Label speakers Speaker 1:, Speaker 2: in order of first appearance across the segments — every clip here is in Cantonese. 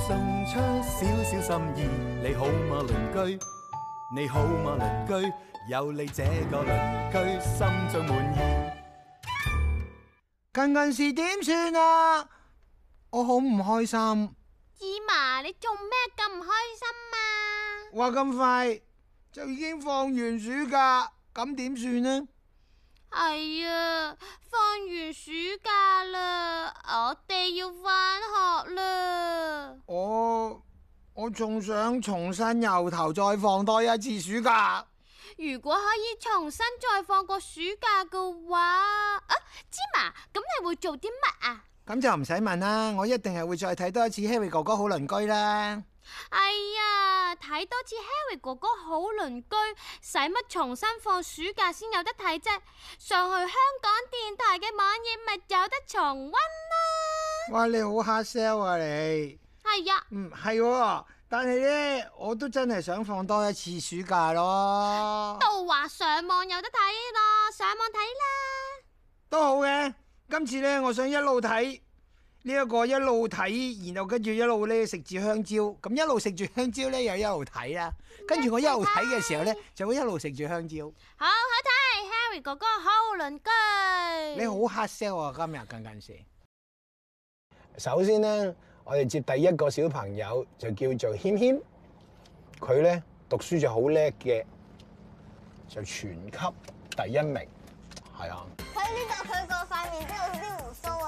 Speaker 1: 送出少少心意，你好嗎鄰居？你好嗎鄰居？有你這個鄰居，心最滿意。近近時點算啊？我好唔開心。
Speaker 2: 姨嫲，你做咩咁唔開心啊？
Speaker 1: 話咁快就已經放完暑假，咁點算呢？係啊、哎，
Speaker 2: 放完暑假啦，我哋要返學啦。
Speaker 1: 我我仲想重新由頭再放多一次暑假。
Speaker 2: 如果可以重新再放個暑假嘅話、啊，芝麻，咁你會做啲乜啊？
Speaker 1: 咁就唔使問啦，我一定係會再睇多一次 Harry 哥哥好鄰居啦。
Speaker 2: 哎呀，睇多次 Harry 哥哥好鄰居，使乜重新放暑假先有得睇啫？上去香港電台嘅網頁咪有得重溫啦。
Speaker 1: 哇，你好 hard sell 啊你。係啊呀。嗯，係，但係呢，我都真係想放多一次暑假咯。
Speaker 2: 都話上網有得睇咯，上網睇啦。
Speaker 1: 都好嘅。今次咧，我想一路睇呢一個一路睇，然後跟住一路咧食住香蕉，咁一路食住香蕉咧又一路睇啦。跟住我一路睇嘅時候咧，就會一路食住香蕉。
Speaker 2: 好好睇，Harry 哥哥好鄰居。
Speaker 1: 你好黑色喎。哦，今日近近射。首先咧，我哋接第一個小朋友就叫做謙謙，佢咧讀書就好叻嘅，就全級第一名。係啊，
Speaker 2: 佢呢度佢個塊面都有啲鬍鬚。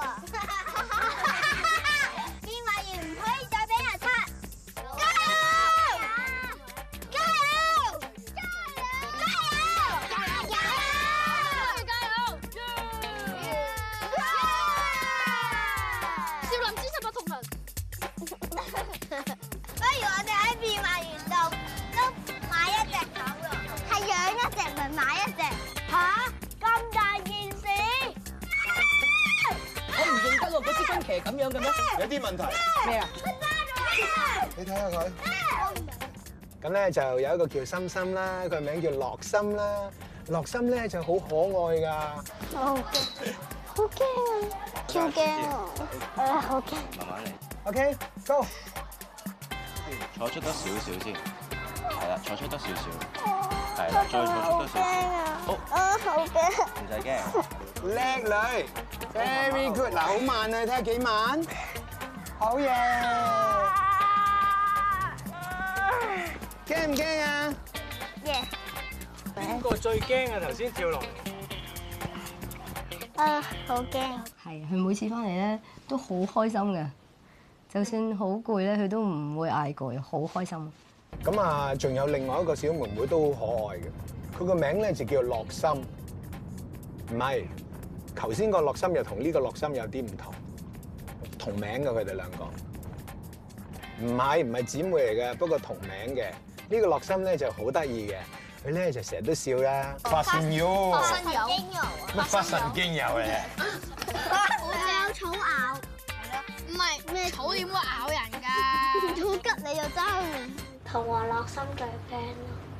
Speaker 1: 咁樣嘅咩？有啲問題。咩啊？你睇下
Speaker 2: 佢。
Speaker 1: 咁咧就有一個叫心心啦，佢名叫樂心啦。樂心咧就好可愛㗎。我好驚，好驚啊！超驚啊！誒，好驚。慢慢嚟。OK，Go。坐出多少少先，係啦，坐出多少少，係啦，再坐出多少少。好啊，好驚，唔使驚，叻女，very good，嗱好慢啊，睇下幾慢，好嘢，驚唔驚啊？耶，邊個最驚啊？頭先跳落，啊，好驚，係，佢每次翻嚟咧都好開心嘅，就算好攰咧，佢都唔會嗌攰，好開心。咁啊，仲有另外一個小妹妹都好可愛嘅。佢個名咧就叫樂心，唔係，頭先個樂心又同呢個樂心有啲唔同，同名㗎佢哋兩個，唔係唔係姊妹嚟嘅，不過同名嘅。呢個樂心咧就好得意嘅，佢咧就成日都笑啦，發神咗，發癲油，發神發神經油啊！咩草咬？係咯，
Speaker 2: 唔係咩草點會咬人㗎？好
Speaker 1: 急你又真，同我樂
Speaker 2: 心最 friend 咯。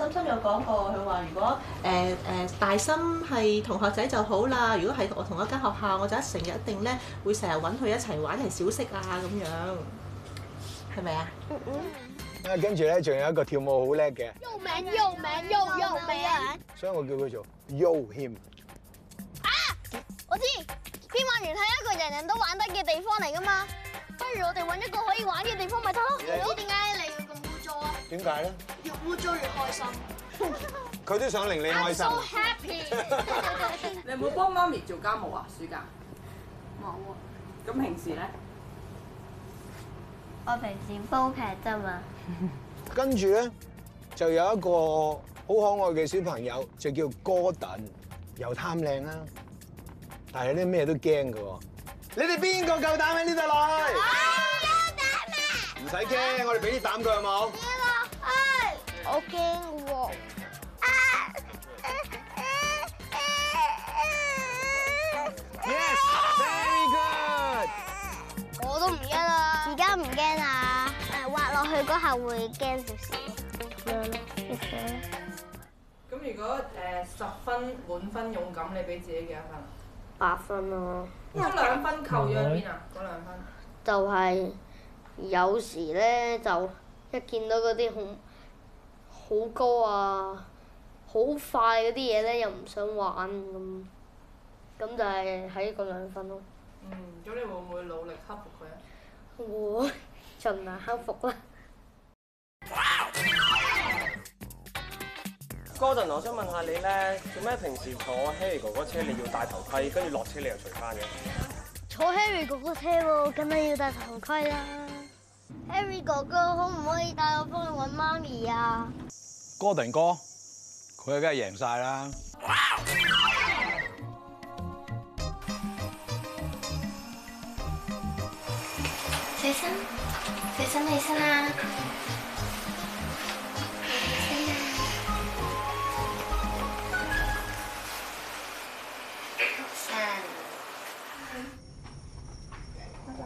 Speaker 1: 心心有講過，佢話如果誒誒大心係同學仔就好啦。如果係我同一間學校，我就一成日一定咧會成日揾佢一齊玩，係小息啊咁樣，係咪啊？嗯嗯。啊，跟住咧仲有一個跳舞好叻嘅。Yo Ming，Yo
Speaker 2: Ming，Yo Yo Ming。
Speaker 1: 所以我叫佢做 Yo 謙。
Speaker 2: 啊！我知，邊玩園係一個人人都玩得嘅地方嚟噶嘛？不如我哋揾一個可以玩嘅地方咪得咯？唔知點解你？點解咧？越污糟越
Speaker 1: 開心。佢都想令你開心。Happy。你
Speaker 2: 有冇幫媽咪
Speaker 1: 做
Speaker 2: 家務啊？暑假冇啊。咁平時咧？我平時煲劇啫嘛。
Speaker 1: 跟住咧，就有一個好可愛嘅小朋友，就叫 Gordon。又貪靚啦，但係咧咩都驚嘅喎。你哋邊個夠膽喺呢度落去？夠膽咩？唔使驚，我哋俾啲膽佢，好冇？哎，我驚喎。
Speaker 2: Yes，very good。我都唔一啊：唔驚，而家唔驚啊。誒、啊，滑落去嗰下會驚少少。咁、嗯嗯、如果誒十、uh, 分滿分勇敢，你俾自己幾多分？八分咯。兩分扣在邊啊？兩
Speaker 1: 分 就。
Speaker 2: 就係有時咧就。一見到嗰啲好，好高啊，好快嗰啲嘢咧，又唔想玩咁，咁就係喺個兩分咯，啊。嗯，咁你會唔會努力克服佢啊？會，盡量克服
Speaker 1: 啦。戈登，我想問下你咧，做咩平時坐 Harry 哥哥車你要戴頭盔，跟住落車你又除翻嘅？
Speaker 2: 坐 Harry 哥哥車喎，咁你要戴頭盔啦。Harry 哥哥可唔可以帶我翻去搵媽咪啊？
Speaker 1: 哥定哥，佢梗係贏晒啦！
Speaker 2: 起身，起身起身啦！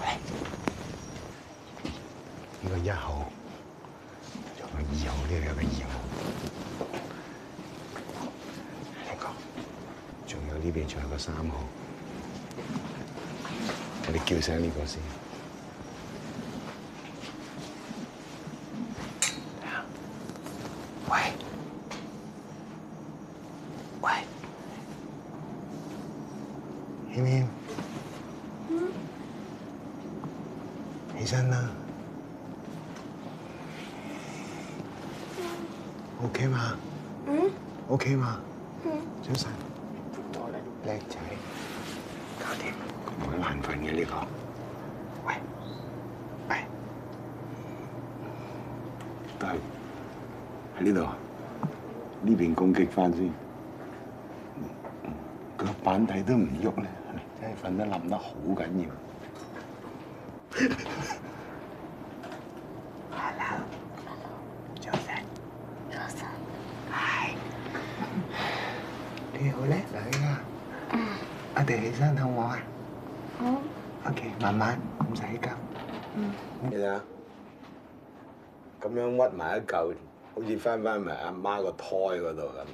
Speaker 1: 喂，呢個一號，仲有個二號呢？邊有個二號，這個？聽講，仲有呢邊仲有個三號，我哋叫醒呢個先。呀，
Speaker 2: 喂，喂，
Speaker 1: 你咩？起身啦，OK 嗎？嗯，OK 嗎？嗯，早晨，叻仔，搞掂。咁難瞓嘅呢個，喂，喂，都係喺呢度，呢邊攻擊翻先。腳板底都唔喐咧，真係瞓得冧得好緊要。 聽唔到我啊？好，OK，慢慢，唔使急。嗯。嚟咁樣屈埋一嚿，好似翻翻埋阿媽個胎嗰度咁。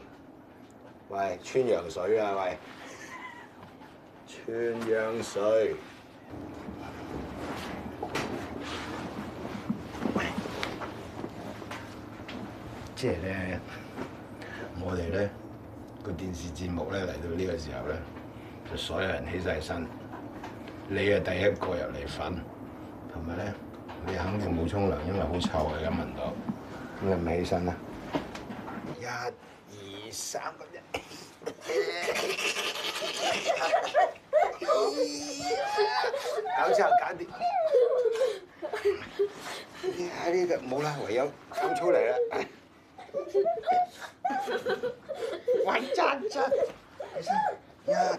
Speaker 1: 喂，穿羊水啊喂！穿羊水。即係咧，我哋咧個電視節目咧嚟到呢個時候咧。所有人起晒身，你係第一個入嚟瞓，同埋咧你肯定冇沖涼，因為好臭啊！咁聞到咁，你唔起身啦？一、二、這個、三，個人，搞之後搞掂。呢個冇啦，唯有咁出嚟啦，快啲啊！.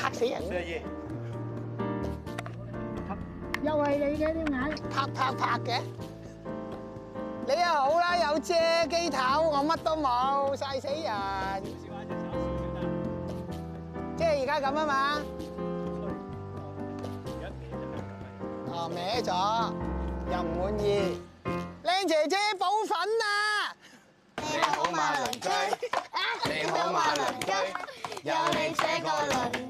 Speaker 1: 嚇死人！又係你嘅啲眼，拍拍拍嘅。你又好啦，有遮機頭，我乜都冇，曬死人。即係而家咁啊嘛！哦，歪咗，又唔滿意。靚姐姐補粉啊！你好馬鄰居，你好馬鄰居，有你這個鄰。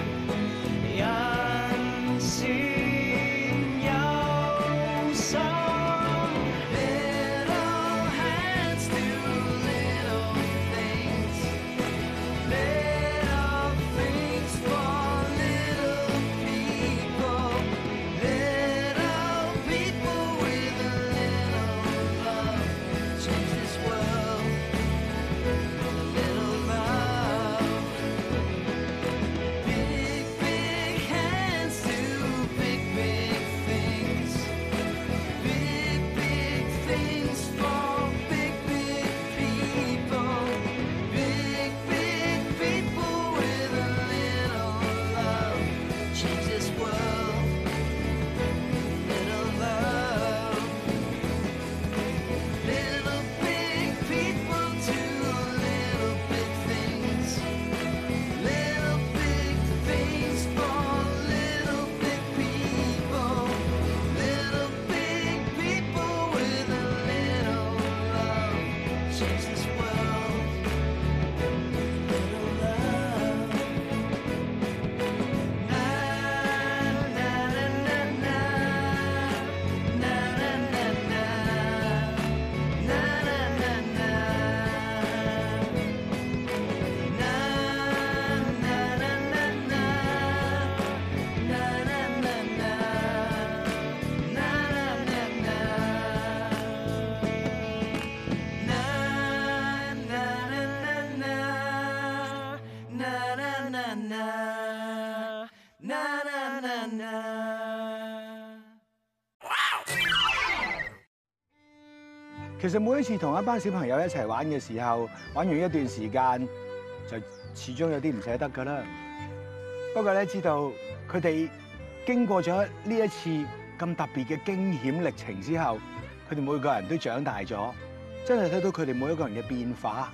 Speaker 1: 其實每一次同一班小朋友一齊玩嘅時候，玩完一段時間，就始終有啲唔捨得噶啦。不過咧，知道佢哋經過咗呢一次咁特別嘅驚險歷程之後，佢哋每個人都長大咗，真係睇到佢哋每一個人嘅變化。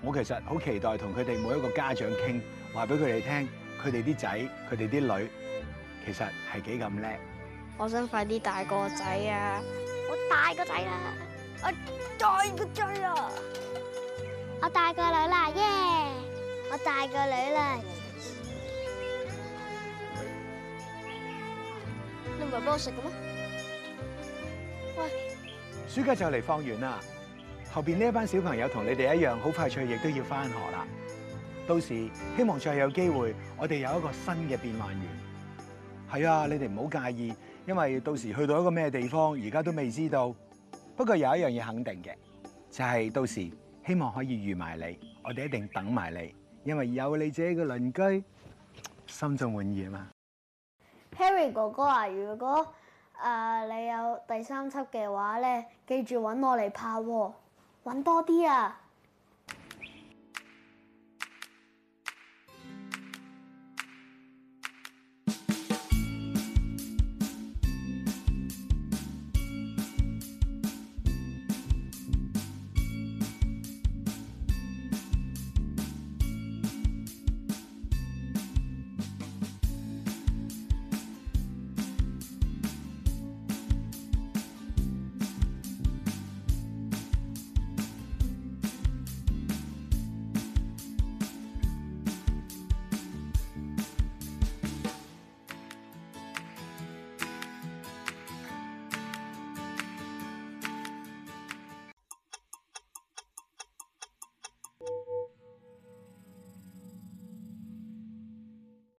Speaker 1: 我其實好期待同佢哋每一個家長傾，話俾佢哋聽，佢哋啲仔、佢哋啲女，其實係幾咁叻。
Speaker 2: 我想快啲大個仔啊！我大個仔啦～我大個仔啊！我大個女啦，耶！我大個女啦。你唔係幫我食嘅咩？喂！
Speaker 1: 暑假就嚟放完啦，後邊呢一班小朋友同你哋一樣，好快脆亦都要返學啦。到時希望再有機會，我哋有一個新嘅變幻園。係啊，你哋唔好介意，因為到時去到一個咩地方，而家都未知道。不過有一樣嘢肯定嘅，就係、是、到時希望可以遇埋你，我哋一定等埋你，因為有你自己個鄰居，心中滿意啊嘛。
Speaker 2: Harry 哥哥啊，如果誒、呃、你有第三輯嘅話咧，記住揾我嚟拍喎，揾多啲啊！